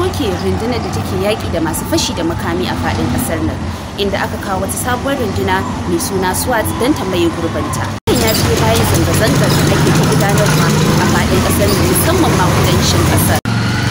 soke rundunar da take yaƙi da masu fashi da makami a faɗin ƙasar nan inda aka kawo wata sabuwar runduna mai suna swat don ta maye gurbanta ya ce bayan zanga-zangar da ake ta gudanarwa a faɗin ƙasar nan musamman ma kudancin ƙasar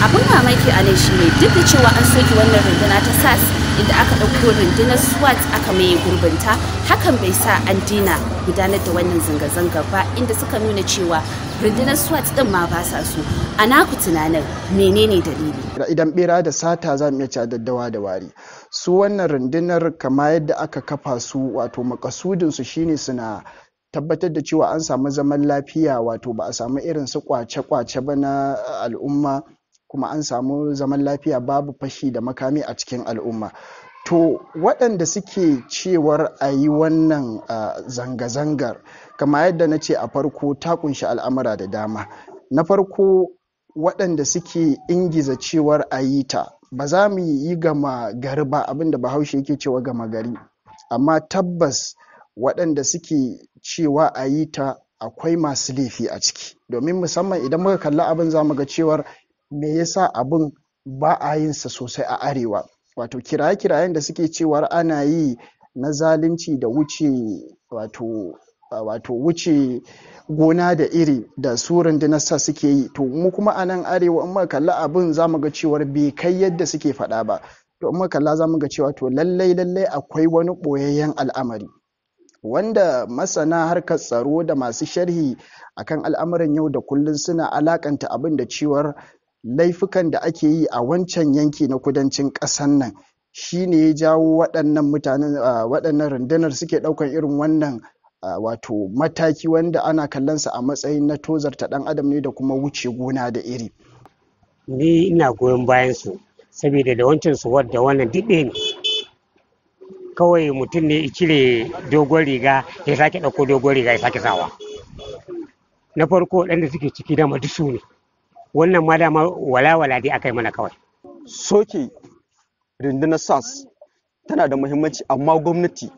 abin mamaki a nan shine duk da cewa an soke wannan runduna ta sas inda aka ɗauko rundunar swat aka maye gurbanta hakan bai sa an dina gudanar da wannan zanga-zangar ba inda suka nuna cewa rundunar swat din ma ba sa so a naku tunanin menene dalili idan bera da sata za mu iya cewa daddawa da wari su wannan rundunar kama yadda aka kafa su wato makasudin su shine suna tabbatar da cewa an samu zaman lafiya wato ba a samu irin su kwace-kwace ba na al'umma kuma an samu zaman lafiya babu fashi da makami a cikin al'umma To waɗanda suke cewar a yi wannan zanga-zangar, kama yadda na ce a farko ta kunshi al'amura da dama. Na farko waɗanda suke ingiza cewar a yi ta, ba za mu yi gama gari ba abinda Bahaushe yake cewa gama gari. Amma tabbas waɗanda suke cewa a yi ta akwai masu laifi a ciki. Domin musamman idan muka kalli abin za mu ga cewar me yasa abin ba a yinsa sosai a arewa. wato kiraye-kirayen da suke cewar ana yi na zalunci da wuce wato wato wuce gona da iri da su rundunar suke yi to mu kuma a nan arewa in kalla abin za mu ga cewar bai kai yadda suke faɗa ba to in kalla za mu ga cewa to lallai lallai akwai wani ɓoyayyen al'amari wanda masana harkar tsaro da masu sharhi akan al'amuran yau da kullum suna alakanta abin da cewar Laifukan da ake yi a wancan yanki na kudancin ƙasan nan shi ne ya jawo waɗannan mutanen waɗannan rundunar suke ɗaukan irin wannan wato mataki wanda ana kallonsa a matsayin na tozarta ɗan adam ne da kuma wuce gona da iri. Ni ina goyon bayan su saboda da wancan su wadda wannan duk ne kawai mutum ne cire dogon riga ya sake ɗauko dogon riga ya sake sawa. Na farko ɗan da suke ciki dama dusu su ne. wannan ma dama walawala dai aka yi mana kawai soke rundunar sas tana da muhimmanci amma gwamnati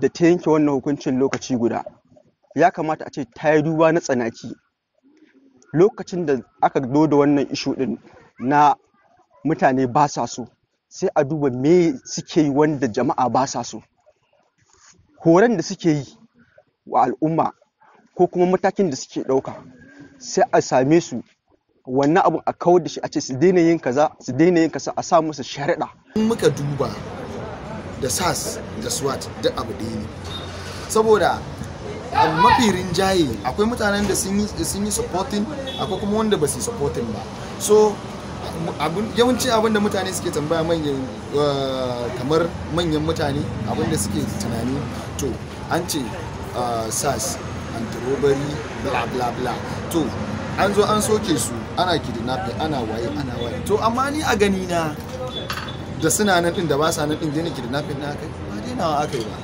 da ta yanke wannan hukuncin lokaci guda ya kamata a ce ta yi duba na tsanaki lokacin da aka da wannan ishu din na mutane ba sa so sai a duba me suke yi wanda jama'a ba sa so horon da suke yi wa al'umma ko kuma matakin da suke ɗauka sai a same su wannan abun a kawar da shi a ce su daina yin kaza su daina yin kaza a sa musu shari'a in muka duba da sas da swat duk abu ɗaya ne saboda mafi rinjaye akwai mutanen da sun yi supporting akwai kuma wanda ba su yi supporting ba so yawanci abin da mutane suke tambaya manyan eh, kamar manyan mutane abin da suke tunani to an ce eh, sas and robbery bla bla bla to an zo an soke su ana kidnapping ana waye ana waye to amma ni a gani na da suna nan din da ba sa nan din daina kidnapping na kai ba dai aka yi ba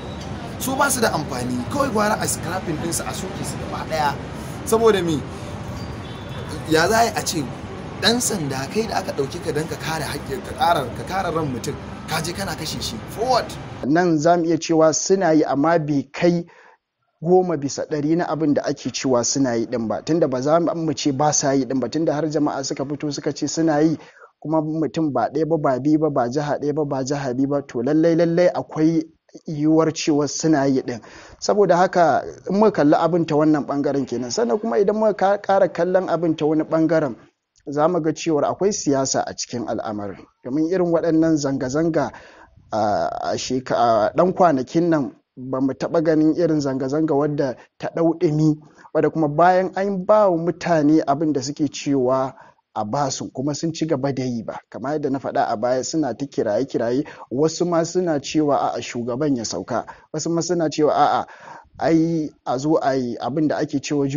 su ba su da amfani kawai gwara a scrapping din su a soke su gaba daya saboda me ya za a ce dan sanda kai da aka dauke ka dan ka kare hakkin ka kare ka ran mutum ka je kana kashe shi forward nan zamu iya cewa suna yi amma bai kai goma bisa ɗari na abin da ake cewa suna yi ɗin ba tunda ba za mu ce ba sa yi ɗin ba tunda har jama'a suka fito suka ce suna yi kuma mutum ba ɗaya ba ba biyu ba ba jiha ɗaya ba ba jiha biyu ba to lallai lallai akwai yiwuwar cewa suna yi ɗin saboda haka in muka kalli abin ta wannan bangaren kenan sannan kuma idan muka ƙara kallon abin ta wani bangaren za mu ga cewar akwai siyasa a cikin al'amarin domin irin waɗannan zanga-zanga a ɗan kwanakin nan ba mu taɓa ganin irin zanga-zanga wadda ta ɗau ɗumi wadda kuma bayan an ba wa mutane abin da suke cewa a basu kuma sun ci gaba da yi ba kamar yadda na faɗa a baya suna ta kiraye-kiraye wasu ma suna cewa a'a shugaban ya sauka wasu ma suna cewa a'a ai a zo a yi abin da ake cewa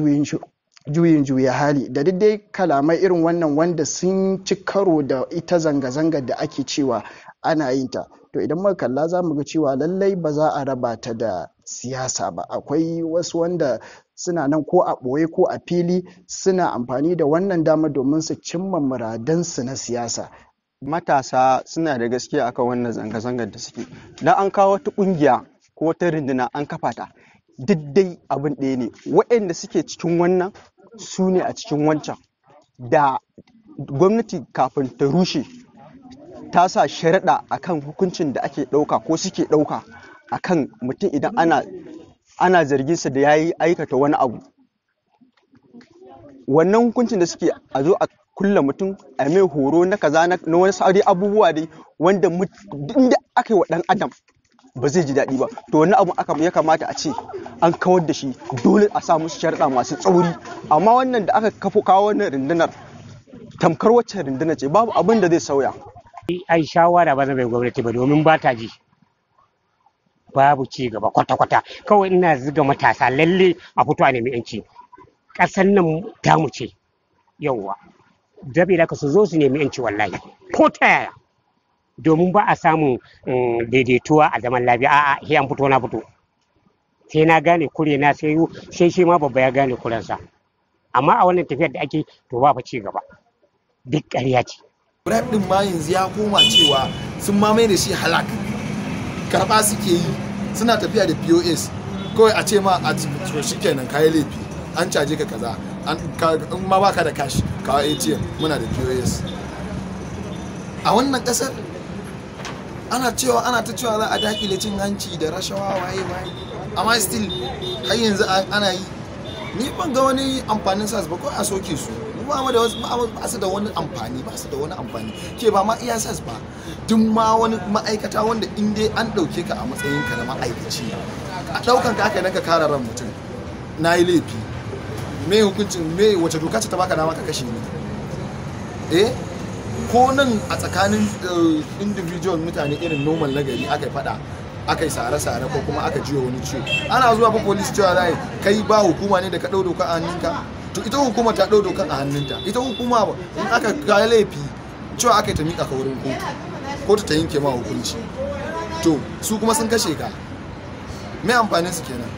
juyin juya hali da dai kalamai irin wannan wanda sun ci karo da ita zanga zanga da ake cewa ana yin ta to idan muka kalla za mu ga cewa lallai ba za a raba ta da siyasa ba akwai wasu wanda suna nan ko a ɓoye ko a fili suna amfani da wannan dama domin su cimma muradansu na siyasa matasa suna da gaskiya akan wannan zanga-zangar da suke Na an kawo wata ƙungiya ko wata rinduna an kafa ta duk dai abin ɗaya ne waɗanda suke cikin wannan su ne a cikin wancan da gwamnati kafin ta rushe ta sa sharaɗa akan hukuncin da ake ɗauka ko suke ɗauka kan mutum idan ana ana zarginsa da ya yi aikata wani abu wannan hukuncin da suke a zo a kulla mutum a mai horo na kaza na wani sauri abubuwa dai wanda inda aka yi wa ɗan adam ba zai ji daɗi ba to wani abu aka ya kamata a ce an kawar da shi dole a sa musu sharɗa masu tsauri amma wannan da aka kawo wannan rundunar tamkar wacce rundunar ce babu abin da zai sauya ai shawara ba zama gwamnati ba domin ba ta ji babu ci gaba kwata-kwata kawai ina ziga matasa lalle a fito a nemi yanci ƙasar nan ta mu ce yauwa dabi da su zo su nemi yanci wallahi ko ta yaya domin ba a samun mm, daidaituwa a zaman lafiya a a an fito na fito sai na gane kure na sai sai shi ma babba ya gane kurensa amma a wannan tafiyar da ake to ba fa ci gaba duk ƙarya ce rap din ma yanzu ya koma cewa sun mamaye da shi halak karba suke yi suna tafiya da pos kawai a ce ma a shi kenan kayi laifi an caje ka kaza an ma baka da cash kawo atm muna da pos a wannan kasar ana cewa ana ta cewa za a dakile cin hanci da rashawa waye waye amma still har yanzu ana yi ni ban ga wani amfanin sas ba ko a soke su ba mu da wasu ba su da wani amfani ba su da wani amfani ke ba ma iyasas e ba duk ma wani ma'aikata wanda in dai an ɗauke ka a matsayin ka na ma'aikaci a ɗaukan ka aka naka kare ran mutum na yi laifi me hukuncin me wace doka ce ta baka dama ka kashe ni eh ko nan a tsakanin eh, individual mutane irin normal na gari aka faɗa aka yi sare-sare ko kuma aka jiyo wani ciwo ana zuwa fa police cewa zai kai ba hukuma ne da ka ɗau doka a hannunka to ita hukuma ta ɗau dokan a hannunta ita hukuma in aka ga laifi cewa aka ta miƙa ka wurin kotu kotu ta yanke ma hukunci to su kuma sun kashe ka me amfanin su kenan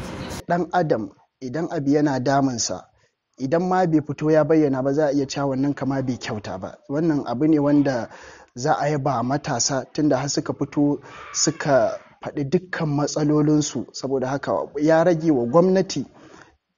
dan adam idan abu yana damunsa idan ma bai fito ya bayyana ba za a iya cewa wannan kama bai kyauta ba wannan abu ne wanda za a yaba matasa tunda har suka fito suka faɗi dukkan matsalolinsu saboda haka ya rage wa gwamnati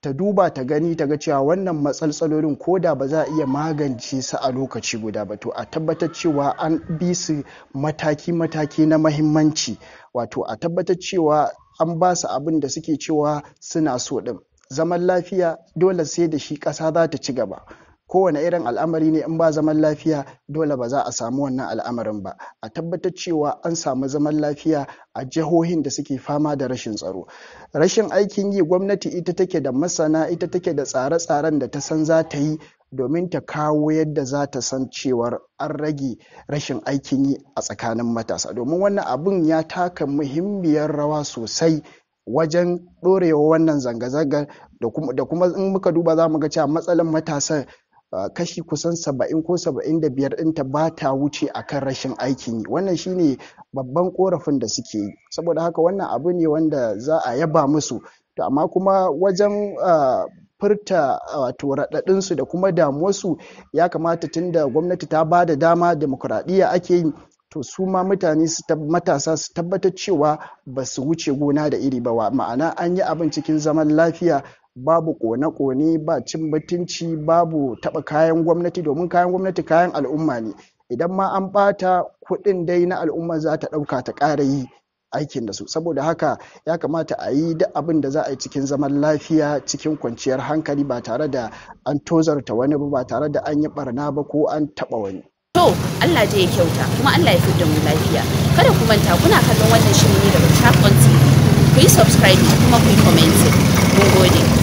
ta duba ta gani ta ga cewa wannan matsaltsalolin ko da ba za a iya magance su a lokaci guda ba to a tabbatar cewa an bi su mataki-mataki na mahimmanci wato a tabbatar cewa an ba su abin da suke cewa suna so ɗin zaman lafiya dole sai da shi ƙasa za ta ci gaba kowane irin al'amari ne in ba zaman lafiya dole ba za a samu wannan al'amarin ba a tabbatar cewa an samu zaman lafiya a jihohin da suke fama da rashin tsaro rashin aikin yi gwamnati ita take da masana ita take da tsare-tsaren da ta san za ta yi domin ta kawo yadda za ta san cewar an rage rashin aikin yi a tsakanin matasa domin wannan abun ya taka muhimmiyar rawa sosai wajen ɗorewa wannan zanga-zangar da kuma in muka duba za mu ga cewa matsalan matasan kashi kusan saba'in ko saba'in da biyar dinta ba ta wuce akan rashin aikin yi wannan shine babban korafin da suke yi saboda haka wannan abu ne wanda za a yaba musu to amma kuma wajen furta wato raɗaɗinsu da kuma damuwarsu ya kamata tun da gwamnati ta ba da dama demokuraɗiyya ake yi to su ma mutane su matasa su tabbatar cewa ba su wuce gona da iri ba ma'ana an yi abin cikin zaman lafiya babu kone-kone ba cin mutunci babu taɓa kayan gwamnati domin kayan gwamnati kayan al'umma ne idan ma an ɓata kuɗin dai na al'umma za ta ɗauka ta ƙara yi aikin da su saboda haka ya kamata a yi duk abin da za a yi cikin zaman lafiya cikin kwanciyar hankali ba tare da an tozarta wani ba tare da an yi barna ba ko an taɓa wani to Allah ya kyauta kuma Allah ya fi mu lafiya kada ku manta kuna kallon wannan shirin ne daga Chapon TV ku yi subscribe kuma ku yi commenting mun gode